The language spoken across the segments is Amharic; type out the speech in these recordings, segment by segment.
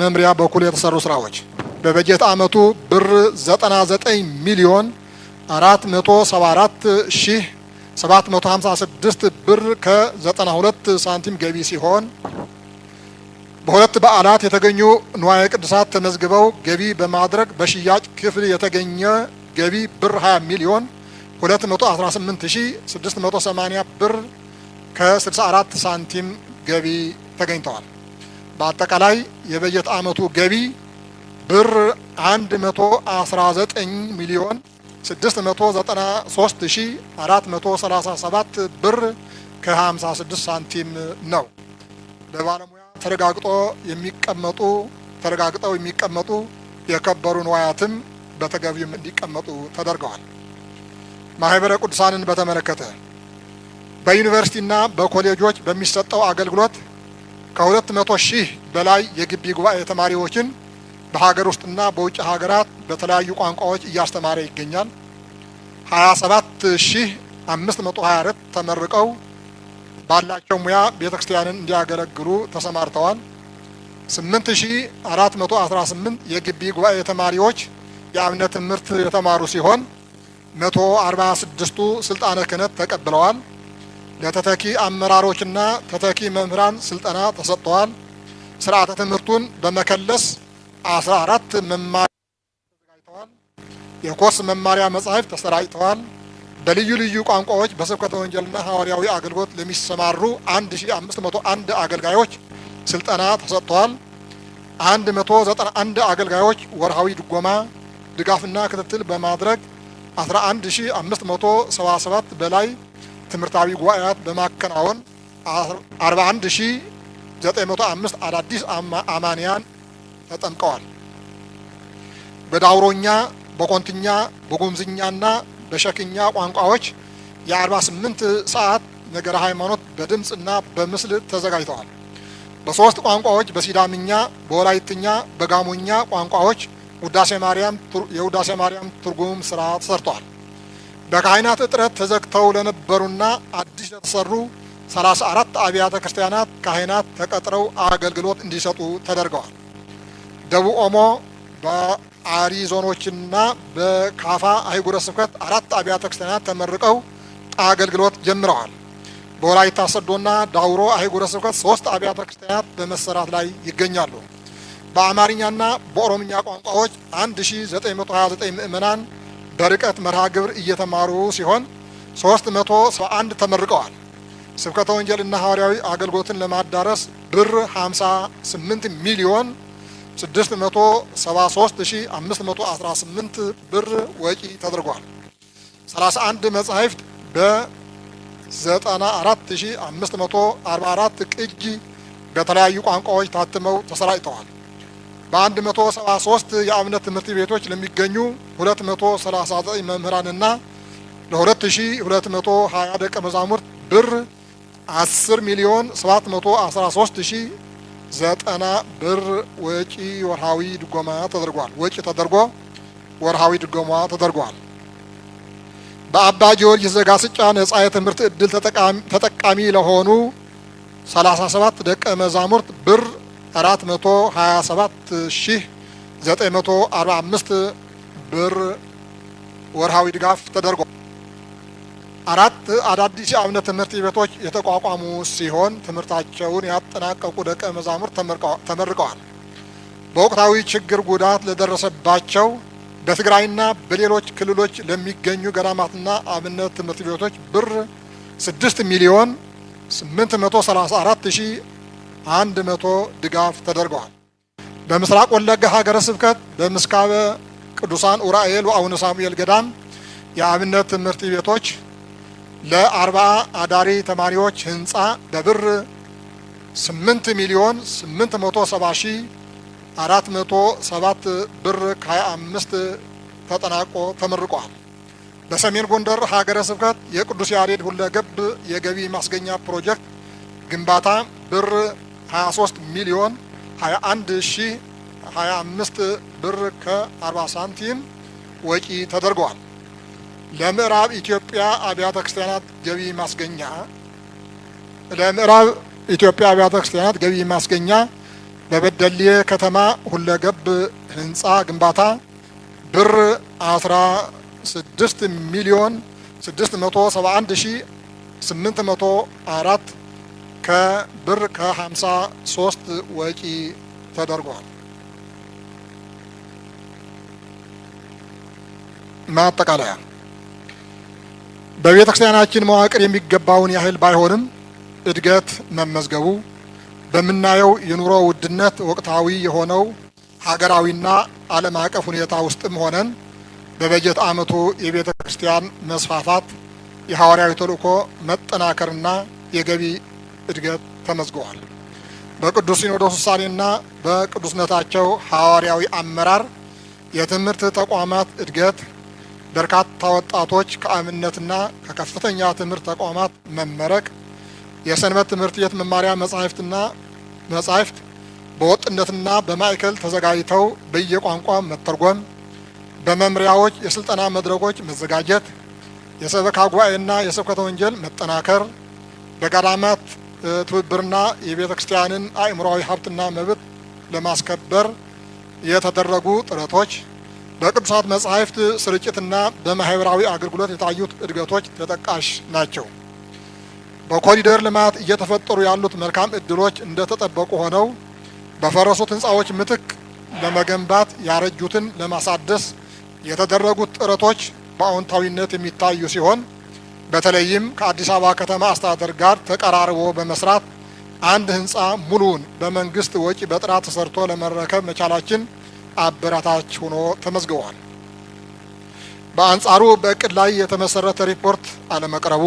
መምሪያ በኩል የተሰሩ ስራዎች በበጀት አመቱ ብር 99 ሚሊዮን 474 ሺህ 756 ብር ከ92 ሳንቲም ገቢ ሲሆን በሁለት በዓላት የተገኙ ንዋየ ቅዱሳት ተመዝግበው ገቢ በማድረግ በሽያጭ ክፍል የተገኘ ገቢ ብር 20 ሚሊዮን 218680 ብር ከ64 ሳንቲም ገቢ ተገኝተዋል። በአጠቃላይ የበጀት ዓመቱ ገቢ ብር 119 ሚሊዮን 693437 ብር ከ56 ሳንቲም ነው። በባለሙያ ተረጋግጦ የሚቀመጡ ተረጋግጠው የሚቀመጡ የከበሩ ንዋያትም በተገቢም እንዲቀመጡ ተደርገዋል። ማህበረ ቅዱሳንን በተመለከተ በዩኒቨርሲቲና በኮሌጆች በሚሰጠው አገልግሎት ከሁለት መቶ ሺህ በላይ የግቢ ጉባኤ ተማሪዎችን በሀገር ውስጥና በውጭ ሀገራት በተለያዩ ቋንቋዎች እያስተማረ ይገኛል። 27 ሺህ 524 ተመርቀው ባላቸው ሙያ ቤተ ክርስቲያንን እንዲያገለግሉ ተሰማርተዋል። 8418 የግቢ ጉባኤ ተማሪዎች የአብነት ትምህርት የተማሩ ሲሆን 146ቱ ስልጣነ ክህነት ተቀብለዋል። ለተተኪ አመራሮችና ተተኪ መምህራን ስልጠና ተሰጥተዋል። ስርዓተ ትምህርቱን በመከለስ 14 አራት መማሪያ ተዘጋጅተዋል። የኮርስ መማሪያ መጽሐፍ ተሰራጭተዋል። በልዩ ልዩ ቋንቋዎች በስብከተ ወንጌልና ሐዋርያዊ አገልግሎት ለሚሰማሩ 1501 አገልጋዮች ስልጠና ተሰጥተዋል። 191 አገልጋዮች ወርሃዊ ድጎማ ድጋፍና ክትትል በማድረግ 11577 በላይ ትምህርታዊ ጉባኤያት በማከናወን 41905 አዳዲስ አማንያን ተጠምቀዋል። በዳውሮኛ፣ በኮንትኛ፣ በጉምዝኛና በሸክኛ ቋንቋዎች የ48 ሰዓት ነገረ ሃይማኖት በድምፅና በምስል ተዘጋጅተዋል። በሶስት ቋንቋዎች በሲዳምኛ፣ በወላይትኛ፣ በጋሞኛ ቋንቋዎች ውዳሴ ማርያም የውዳሴ ማርያም ትርጉም ስራ ተሰርቷል። በካህናት እጥረት ተዘግተው ለነበሩና አዲስ ለተሰሩ 34 አብያተ ክርስቲያናት ካህናት ተቀጥረው አገልግሎት እንዲሰጡ ተደርገዋል። ደቡብ ኦሞ በአሪ ዞኖችና በካፋ አህጉረ ስብከት አራት አብያተ ክርስቲያናት ተመርቀው አገልግሎት ጀምረዋል። በወላይታ ሰዶና ዳውሮ አህጉረ ስብከት ሶስት አብያተ ክርስቲያናት በመሰራት ላይ ይገኛሉ። በአማርኛና በኦሮምኛ ቋንቋዎች 1929 ምዕመናን በርቀት መርሃ ግብር እየተማሩ ሲሆን ሶስት መቶ አንድ ተመርቀዋል። ስብከተ ወንጌልና ሐዋርያዊ አገልግሎትን ለማዳረስ ብር 58 ሚሊዮን 673518 ብር ወጪ ተደርጓል። 31 መጻሕፍት በ94544 ቅጂ በተለያዩ ቋንቋዎች ታትመው ተሰራጭተዋል። በአንድ መቶ ሰባ ሶስት የአብነት ትምህርት ቤቶች ለሚገኙ 239 መምህራንና መቶ ሀያ ደቀ መዛሙርት ብር 10 ሚሊዮን ዘጠና ብር ወጪ ወርሃዊ ድጎማ ተደርጓል። ወጪ ተደርጎ ወርሃዊ ድጎማ ተደርጓል። በአባ ጊዮርጊስ ዘጋስጫ ነጻ የትምህርት ዕድል ተጠቃሚ ለሆኑ ሰባት ደቀ መዛሙርት ብር 427 ሺህ 945 ብር ወርሃዊ ድጋፍ ተደርጓል። አራት አዳዲስ የአብነት ትምህርት ቤቶች የተቋቋሙ ሲሆን ትምህርታቸውን ያጠናቀቁ ደቀ መዛሙርት ተመርቀዋል። በወቅታዊ ችግር ጉዳት ለደረሰባቸው በትግራይና በሌሎች ክልሎች ለሚገኙ ገዳማትና አብነት ትምህርት ቤቶች ብር 6 ሚሊዮን 834 ሺ አንድ መቶ ድጋፍ ተደርገዋል። በምስራቅ ወለጋ ሀገረ ስብከት በምስካበ ቅዱሳን ኡራኤል ወአቡነ ሳሙኤል ገዳም የአብነት ትምህርት ቤቶች ለአርባ አዳሪ ተማሪዎች ህንፃ በብር 8 ሚሊዮን 870 ሺህ 407 ብር ከ25 ተጠናቆ ተመርቋል። በሰሜን ጎንደር ሀገረ ስብከት የቅዱስ ያሬድ ሁለገብ የገቢ ማስገኛ ፕሮጀክት ግንባታ ብር 23 ሚሊዮን 21 ሺህ 25 ብር ከ40 ሳንቲም ወጪ ተደርጓል። ለምዕራብ ኢትዮጵያ አብያተ ክርስቲያናት ገቢ ማስገኛ ለምዕራብ ኢትዮጵያ አብያተ ክርስቲያናት ገቢ ማስገኛ በበደሌ ከተማ ሁለገብ ህንፃ ግንባታ ብር 16 ሚሊዮን 671 ሺህ 804 ከብር ከ53 ወጪ ተደርጓል። ማጠቃለያ በቤተ ክርስቲያናችን መዋቅር የሚገባውን ያህል ባይሆንም እድገት መመዝገቡ በምናየው የኑሮ ውድነት ወቅታዊ የሆነው ሀገራዊና ዓለም አቀፍ ሁኔታ ውስጥም ሆነን በበጀት ዓመቱ የቤተ ክርስቲያን መስፋፋት የሐዋርያዊ ተልእኮ መጠናከርና የገቢ እድገት ተመዝግቧል። በቅዱስ ሲኖዶስ ውሳኔና በቅዱስነታቸው ሐዋርያዊ አመራር የትምህርት ተቋማት እድገት በርካታ ወጣቶች ከአብነትና ከከፍተኛ ትምህርት ተቋማት መመረቅ፣ የሰንበት ትምህርት ቤት መማሪያ መጻሕፍትና መጻሕፍት በወጥነትና በማዕከል ተዘጋጅተው በየቋንቋ መተርጎም፣ በመምሪያዎች የስልጠና መድረኮች መዘጋጀት፣ የሰበካ ጉባኤና የስብከተ ወንጌል መጠናከር፣ በገዳማት ትብብርና የቤተ ክርስቲያንን አእምሯዊ ሀብትና መብት ለማስከበር የተደረጉ ጥረቶች፣ በቅዱሳት መጻሕፍት ስርጭትና በማህበራዊ አገልግሎት የታዩት እድገቶች ተጠቃሽ ናቸው። በኮሪደር ልማት እየተፈጠሩ ያሉት መልካም እድሎች እንደተጠበቁ ሆነው በፈረሱት ህንፃዎች ምትክ ለመገንባት ያረጁትን ለማሳደስ የተደረጉት ጥረቶች በአዎንታዊነት የሚታዩ ሲሆን በተለይም ከአዲስ አበባ ከተማ አስተዳደር ጋር ተቀራርቦ በመስራት አንድ ህንፃ ሙሉውን በመንግስት ወጪ በጥራት ተሰርቶ ለመረከብ መቻላችን አበረታች ሆኖ ተመዝግቧል። በአንጻሩ በእቅድ ላይ የተመሰረተ ሪፖርት አለመቅረቡ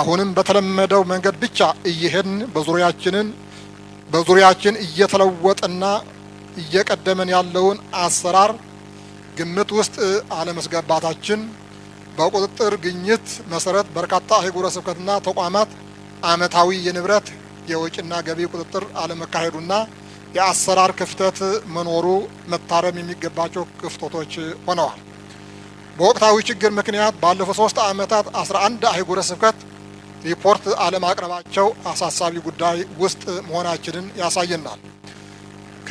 አሁንም በተለመደው መንገድ ብቻ እየሄድን በዙሪያችንን በዙሪያችን እየተለወጠና እየቀደመን ያለውን አሰራር ግምት ውስጥ አለመስገባታችን በቁጥጥር ግኝት መሰረት በርካታ አህጉረ ስብከትና ተቋማት አመታዊ የንብረት የውጭና ገቢ ቁጥጥር አለመካሄዱና የአሰራር ክፍተት መኖሩ መታረም የሚገባቸው ክፍተቶች ሆነዋል። በወቅታዊ ችግር ምክንያት ባለፉት ሶስት አመታት 11 አህጉረ ስብከት ሪፖርት አለማቅረባቸው አሳሳቢ ጉዳይ ውስጥ መሆናችንን ያሳየናል።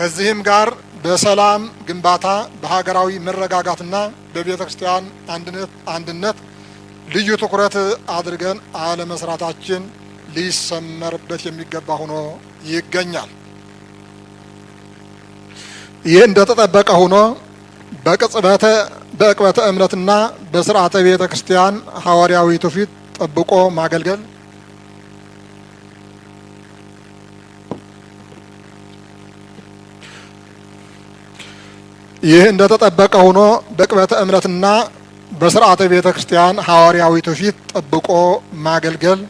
ከዚህም ጋር በሰላም ግንባታ በሀገራዊ መረጋጋትና በቤተ ክርስቲያን አንድነት ልዩ ትኩረት አድርገን አለመስራታችን ሊሰመርበት የሚገባ ሆኖ ይገኛል። ይህ እንደተጠበቀ ሆኖ በቅጽበተ በእቅበተ እምነትና በስርዓተ ቤተ ክርስቲያን ሐዋርያዊ ትውፊት ጠብቆ ማገልገል ይህ እንደተጠበቀ ሆኖ በቅበተ እምነትና በስርዓተ ቤተ ክርስቲያን ሐዋርያዊ ትውፊት ጠብቆ ማገልገል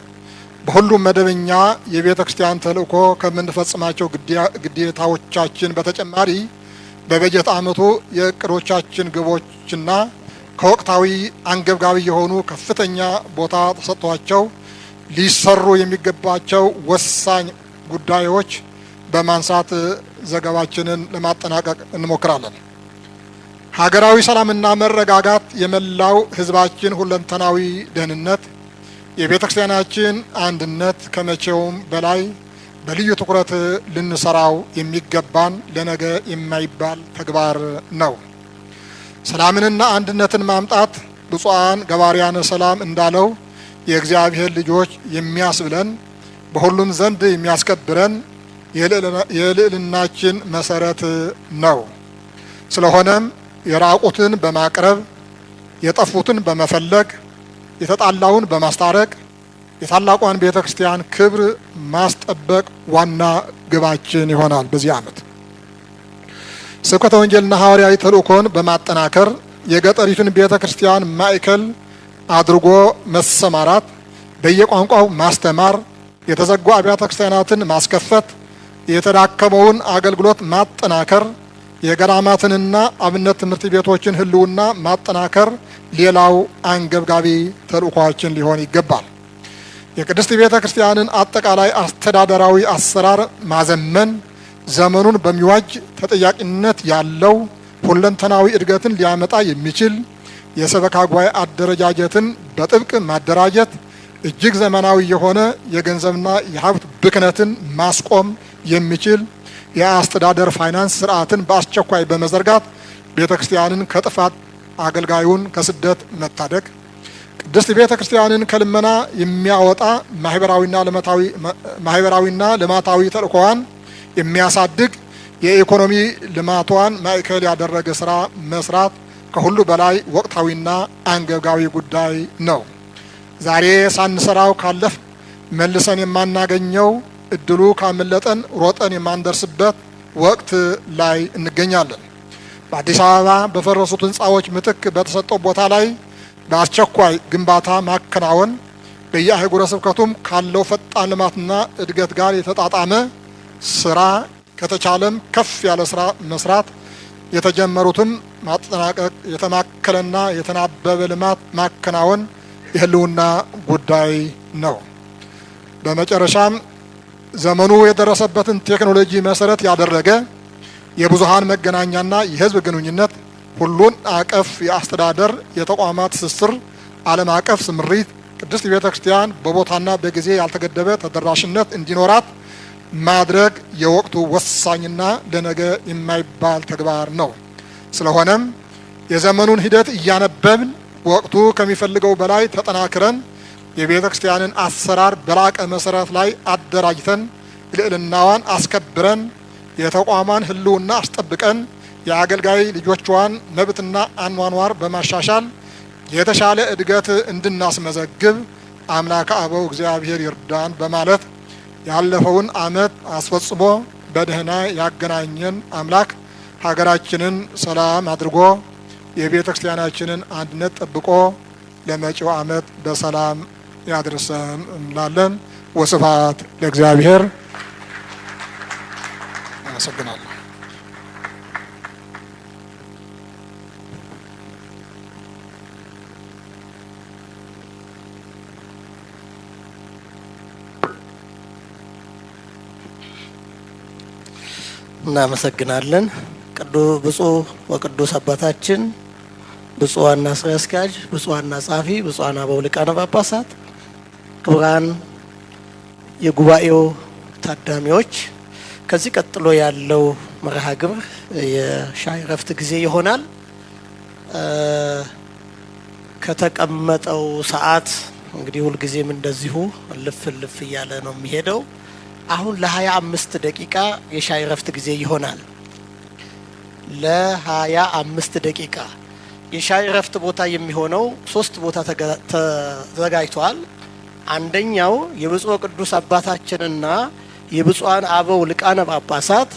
በሁሉም መደበኛ የቤተ ክርስቲያን ተልእኮ ከምንፈጽማቸው ግዴታዎቻችን በተጨማሪ በበጀት ዓመቱ የእቅዶቻችን ግቦችና ከወቅታዊ አንገብጋቢ የሆኑ ከፍተኛ ቦታ ተሰጥቷቸው ሊሰሩ የሚገባቸው ወሳኝ ጉዳዮች በማንሳት ዘገባችንን ለማጠናቀቅ እንሞክራለን። ሀገራዊ ሰላምና መረጋጋት የመላው ህዝባችን ሁለንተናዊ ደህንነት፣ የቤተ ክርስቲያናችን አንድነት ከመቼውም በላይ በልዩ ትኩረት ልንሰራው የሚገባን ለነገ የማይባል ተግባር ነው። ሰላምንና አንድነትን ማምጣት ብፁዓን ገባርያነ ሰላም እንዳለው የእግዚአብሔር ልጆች የሚያስብለን በሁሉም ዘንድ የሚያስከብረን የልዕልናችን መሰረት ነው። ስለሆነም የራቁትን በማቅረብ የጠፉትን በመፈለግ የተጣላውን በማስታረቅ የታላቋን ቤተ ክርስቲያን ክብር ማስጠበቅ ዋና ግባችን ይሆናል። በዚህ ዓመት ስብከተ ወንጌልና ሐዋርያዊ ተልእኮን በማጠናከር የገጠሪቱን ቤተ ክርስቲያን ማዕከል አድርጎ መሰማራት፣ በየቋንቋው ማስተማር፣ የተዘጉ አብያተ ክርስቲያናትን ማስከፈት፣ የተዳከመውን አገልግሎት ማጠናከር የገዳማትንና አብነት ትምህርት ቤቶችን ህልውና ማጠናከር ሌላው አንገብጋቢ ተልእኳችን ሊሆን ይገባል። የቅድስት ቤተ ክርስቲያንን አጠቃላይ አስተዳደራዊ አሰራር ማዘመን ዘመኑን በሚዋጅ ተጠያቂነት ያለው ሁለንተናዊ እድገትን ሊያመጣ የሚችል የሰበካ ጉባኤ አደረጃጀትን በጥብቅ ማደራጀት፣ እጅግ ዘመናዊ የሆነ የገንዘብና የሀብት ብክነትን ማስቆም የሚችል የአስተዳደር ፋይናንስ ስርዓትን በአስቸኳይ በመዘርጋት ቤተ ክርስቲያንን ከጥፋት አገልጋዩን ከስደት መታደግ፣ ቅድስት ቤተ ክርስቲያንን ከልመና የሚያወጣ ማህበራዊና ልማታዊ ተልእኮዋን የሚያሳድግ የኢኮኖሚ ልማቷን ማዕከል ያደረገ ስራ መስራት ከሁሉ በላይ ወቅታዊና አንገብጋቢ ጉዳይ ነው። ዛሬ ሳንሰራው ካለፍ መልሰን የማናገኘው እድሉ ካመለጠን ሮጠን የማንደርስበት ወቅት ላይ እንገኛለን። በአዲስ አበባ በፈረሱት ህንፃዎች ምትክ በተሰጠው ቦታ ላይ በአስቸኳይ ግንባታ ማከናወን በየአህጉረ ስብከቱም ካለው ፈጣን ልማትና እድገት ጋር የተጣጣመ ስራ ከተቻለም ከፍ ያለ ስራ መስራት የተጀመሩትም ማጠናቀቅ የተማከለና የተናበበ ልማት ማከናወን የህልውና ጉዳይ ነው። በመጨረሻም ዘመኑ የደረሰበትን ቴክኖሎጂ መሰረት ያደረገ የብዙሃን መገናኛና የህዝብ ግንኙነት ሁሉን አቀፍ የአስተዳደር የተቋማት ትስስር ዓለም አቀፍ ስምሪት ቅድስት ቤተ ክርስቲያን በቦታና በጊዜ ያልተገደበ ተደራሽነት እንዲኖራት ማድረግ የወቅቱ ወሳኝና ለነገ የማይባል ተግባር ነው። ስለሆነም የዘመኑን ሂደት እያነበብን ወቅቱ ከሚፈልገው በላይ ተጠናክረን የቤተ ክርስቲያንን አሰራር በላቀ መሰረት ላይ አደራጅተን ልዕልናዋን አስከብረን የተቋሟን ህልውና አስጠብቀን የአገልጋይ ልጆቿን መብትና አኗኗር በማሻሻል የተሻለ እድገት እንድናስመዘግብ አምላከ አበው እግዚአብሔር ይርዳን በማለት ያለፈውን ዓመት አስፈጽሞ በደህና ያገናኘን አምላክ ሀገራችንን ሰላም አድርጎ የቤተ ክርስቲያናችንን አንድነት ጠብቆ ለመጪው ዓመት በሰላም ያድርሰን እንላለን። ወስብሐት ለእግዚአብሔር። አመሰግናለሁ። እናመሰግናለን። ቅዱስ ብፁዕ ወቅዱስ አባታችን፣ ብፁዋና ዋና ስራ አስኪያጅ፣ ብፁዋና ዋና ጸሐፊ፣ ብፁዓን አበው ሊቃነ ጳጳሳት ክቡራን የጉባኤው ታዳሚዎች ከዚህ ቀጥሎ ያለው መርሃ ግብር የሻይ እረፍት ጊዜ ይሆናል። ከተቀመጠው ሰዓት እንግዲህ ሁልጊዜም እንደዚሁ ልፍ ልፍ እያለ ነው የሚሄደው። አሁን ለሀያ አምስት ደቂቃ የሻይ እረፍት ጊዜ ይሆናል። ለሀያ አምስት ደቂቃ የሻይ እረፍት ቦታ የሚሆነው ሶስት ቦታ ተዘጋጅቷል። አንደኛው የብፁዕ ቅዱስ አባታችንና የብፁዓን አበው ሊቃነ ጳጳሳት